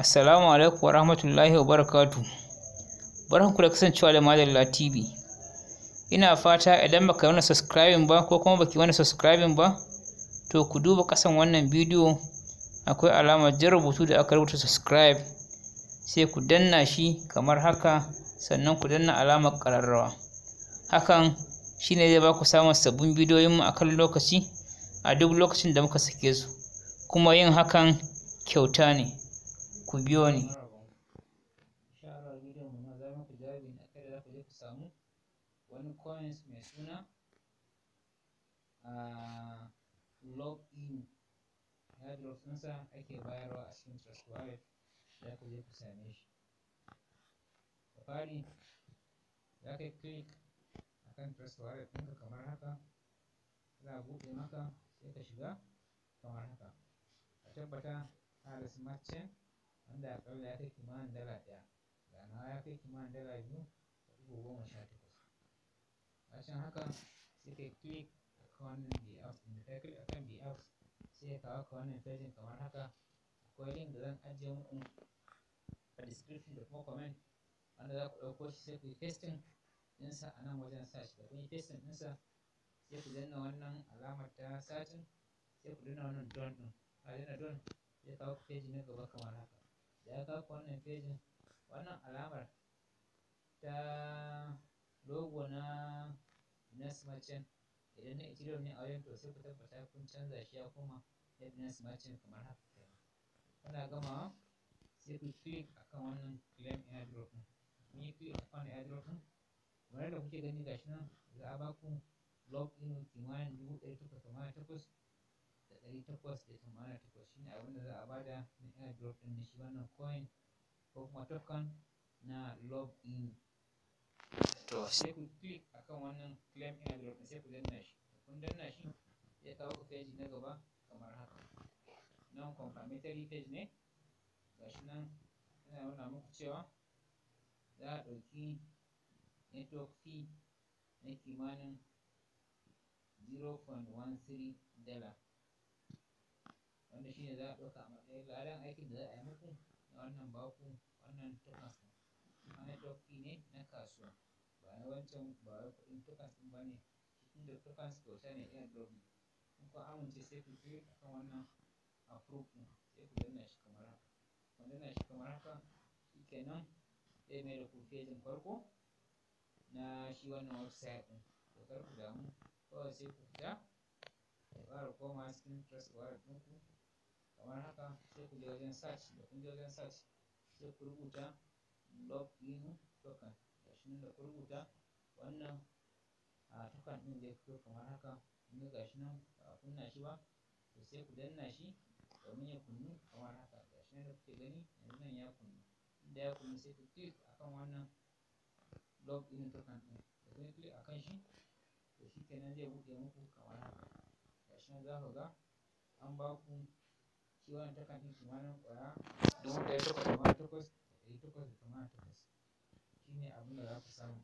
Assalamu alaikum wa rahmatullahi wa barakatu. Barkanku da kasancewa da Madalla TV. Ina fata idan baka wani subscribing ba ko kuma baki wani subscribing ba, to ku duba kasan wannan bidiyo akwai alama jan rubutu da aka rubuta subscribe sai ku danna shi kamar haka sannan ku danna alamar ƙararrawa. Hakan shi ne zai baku samun sabbin bidiyoyinmu a kan lokaci a duk lokacin da muka sake su. Kuma yin hakan kyauta ne. ku biyo ni wani coins mai suna ya ake bayarwa a cikin shi da fari za akan ɗinka za buɗe maka sai ka shiga kamar ka tabbata da wanda a ya kai kimanin dala ɗaya da nawa ya kai kimanin dala biyu da dubu goma sha takwas bacin haka sai kai click akan wannan bx ɗin da kai click kan bx sai ka kawo ka wannan pejin kamar haka akwai link da zan ajiye muku a description da kuma comment wanda za ku ɗauko shi sai ku yi pasting ɗinsa a nan wajen sa shi da kun yi pasting ɗinsa sai ku danna wannan alamar ta satin sai ku danna wannan don ɗin a danna don zai kawo ku page na gaba kamar haka ya kawo wannan fejin wannan alamar ta logo na Binance Merchant idan na Ethereum ne a wajen to sai ku tabbata kun canza shi ya kuma ya Binance Merchant kamar haka kenan kuna gamawa sai ku click akan wannan claim airdrop din kun yi click akan airdrop din kamar da kuke gani gashi nan za a baku log in kimanin dubu ɗari takwas kamar takwas da ɗari takwas da tamanin takwas shi ne abin da za a bada na airdrop ɗin na shi wannan coin ko kuma token na login to sai ku click akan wannan claim airdrop ɗin sai ku danna shi kun danna shi ya kawo ku page na gaba kamar haka nan confirmatory page ne shi nan yana nuna muku cewa za a ɗauki network fee na kimanin 0.13 dala wanda shine za a ɗauka a matsayin ladan aikin da za a yi muku na wannan baku wannan tukas ana ɗauki ne na kasuwa ba na wancan ba wai kuɗin tukas ɗin ba ne inda tukas kyauta ne iya ɗauki in ku amince sai ku a kan wannan approve ɗin sai ku danna shi kamar haka ku danna shi kamar haka shi kenan zai mai da ku fejin farko na shi wannan website ɗin to kar ku damu kawai sai ku fita ku ƙara koma cikin trust wallet ɗinku kamar haka sai ku je wajen search da kun je wajen search sai ku rubuta login token da shi da ku rubuta wannan a token ɗin zai fito kamar haka kun ga gashi nan ba a kunna shi ba to sai ku danna shi domin ya kunnu kamar haka gashi nan da kuke gani yanzu nan ya kunnu inda ya kunnu sai ku click akan wannan login token ɗin da kun click akan shi to shi kenan zai buɗe muku kamar haka gashi nan za ku ga an ba ku shi wannan takan ɗin kimanin ƙwaya dubu ɗari takwas da tamanin takwas da ɗari takwas da tamanin takwas shi ne abin da za samu